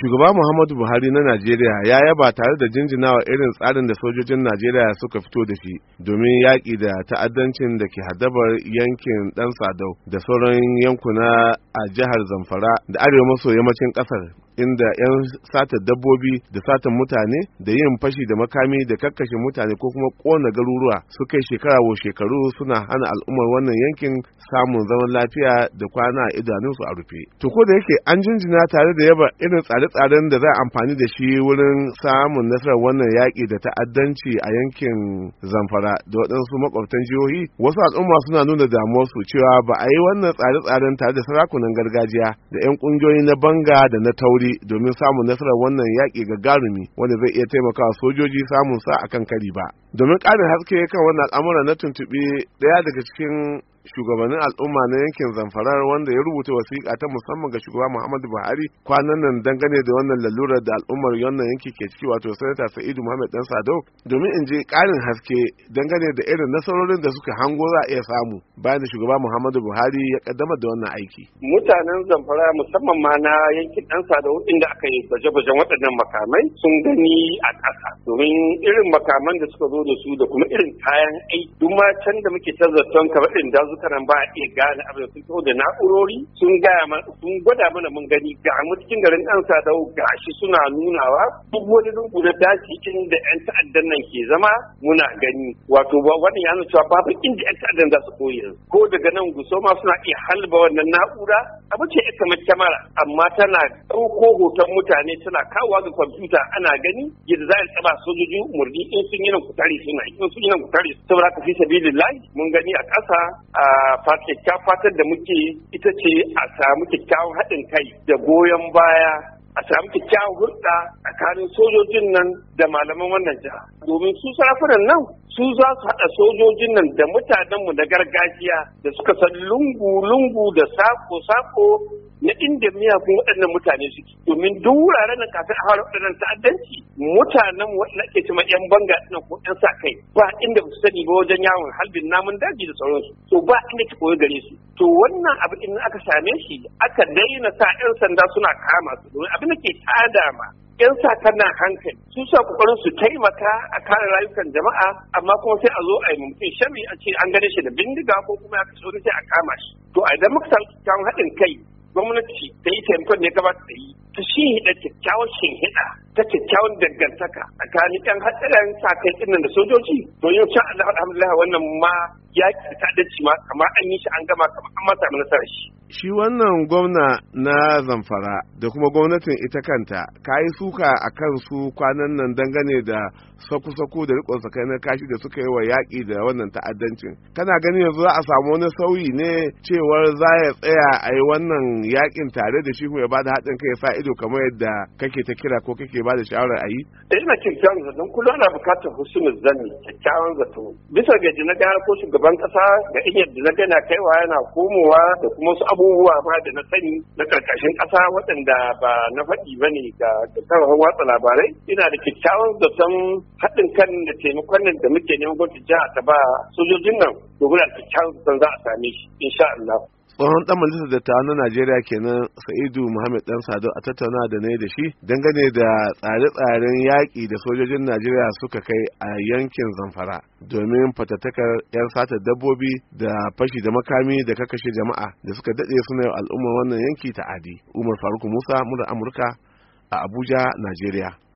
shugaba muhammadu buhari na najeriya ya yaba tare da jinjinawa irin tsarin da sojojin najeriya suka fito da shi domin yaƙi da ta'addancin da ke haddabar yankin ɗan sadau da sauran yankuna a jihar zamfara da arewa maso yammacin ƙasar inda 'yan sata dabbobi da satan mutane da yin fashi da makami da kakkashe mutane ko kuma kona garuruwa su kai shekara wa shekaru suna hana al'ummar wannan yankin samun zaman lafiya da kwana a idanunsu a rufe. To da yake an jinjina tare da yaba irin tsare-tsaren da za a amfani da shi wurin samun nasarar wannan yaƙi da ta'addanci a yankin Zamfara da waɗansu makwabtan jihohi wasu al'umma suna nuna damuwarsu cewa ba a yi wannan tsare-tsaren tare da sarakunan gargajiya da 'yan ƙungiyoyi na banga da na tauri domin samun nasarar wannan yaƙi gagarumi wanda zai iya taimakawa sojoji samun sa akan kari ba domin ƙarin haske kan wannan al'amura na tuntuɓi ɗaya daga cikin shugabannin al'umma na yankin zamfarar wanda ya rubuta wasiƙa ta musamman ga shugaba muhammadu buhari kwanan nan dangane da wannan lalurar da al'ummar wannan yanki ke ciki wato sanata sa'idu muhammad dan sadau domin in je ƙarin haske dangane da irin nasarorin da suka hango za a iya samu bayan da shugaba muhammadu buhari ya kaddamar da wannan aiki mutanen zamfara musamman ma na yankin dan sadau inda aka yi baje-bajen waɗannan makamai sun gani a ƙasa domin irin makaman da suka zo da su da kuma irin kayan aiki duk can da muke ta zaton kamar irin karan ba a iya gane abin sun taho da na'urori sun gaya sun gwada mana mun gani ga mu cikin garin ɗan sadau gashi suna nunawa duk wani lungu na daji inda 'yan ta'addan nan ke zama muna gani wato wannan ya nuna cewa babu inda 'yan ta'addan za su koyi ko daga nan gusoma suna iya halba wannan na'ura abu ce ita kamar kyamara amma tana ɗauko hoton mutane tana kawowa ga kwamfuta ana gani yadda za a taba sojoji murni in sun yi nan ku suna in sun yi nan ku tare saboda haka fi layi mun gani a ƙasa a fatar da muke ita ce a samu kyakkyawan haɗin kai da goyon baya a samu kyakkyawan hulɗa tsakanin sojojin nan da malaman wannan jiha domin su sarafunan nan su za su haɗa sojojin nan da mutanenmu na gargajiya da suka san lungu-lungu da sako-sako na inda miyakun waɗannan mutane suke domin duk wuraren nan kafin a fara waɗannan ta'addanci mutanen waɗanda ake cima yan banga ɗin ko yan sa kai ba inda ba su sani ba wajen yawon halbin namun daji da sauransu to ba inda ki koyi gare su to wannan abu in aka same shi aka daina sa yan sanda suna kama su domin abin da ke tada ma 'yan sakan na hankali su sa kokarin su taimaka a kare rayukan jama'a amma kuma sai a zo a yi mutum shari a ce an gane shi da bindiga ko kuma ya kashe wani sai a kama shi to a idan muka samu haɗin kai gwamnati ta yi taimakon ne gaba ta yi ta shinhiɗa kyakkyawar shinhiɗa ta kyakkyawan dangantaka a tsakanin yan hatsarin sa kai da sojoji don yau sha Allah alhamdulillah wannan ma Yaƙi da ta'addanci ma kamar an yi shi an gama kamar an masa nasarar shi shi wannan gwamna na zamfara da kuma gwamnatin ita kanta ka yi suka a kan su kwanan nan dangane da sako-sako da rikon na kashi da suka yi wa yaƙi da wannan ta'addancin kana ganin yanzu za a samu wani sauyi ne cewar za ya tsaya a yi wannan yaƙin tare da shi kuma ya ba da haɗin kai sa ido kamar yadda kake ta kira ko kake ba da shawarar a yi. Eh, ina kyakkyawan zaton kullum ana bukatar husnul zanni kyakkyawan zato bisa ga jina ko shiga shugaban kasa da iya da na gana kaiwa yana komowa da kuma su abubuwa ma da na sani na karkashin kasa waɗanda ba na faɗi ba ne ga kafafen watsa labarai ina da kyakkyawan zaton haɗin kan da taimakon nan da muke neman gwamnati jiha ta ba sojojin nan domin a kyakkyawan zaton za a same shi insha Allah. tsohon dan majalisar dattawa na Najeriya kenan Sa'idu Muhammad dan Sado a tattauna da yi da shi dangane da tsare-tsaren yaƙi da sojojin Najeriya suka kai a yankin Zamfara domin fatattakar 'yan sata dabbobi da fashi da makami da kakashe jama'a da suka daɗe suna yau al'umma wannan yanki ta'adi. Umar Faruk Musa, Murar Amurka a Abuja, Najeriya.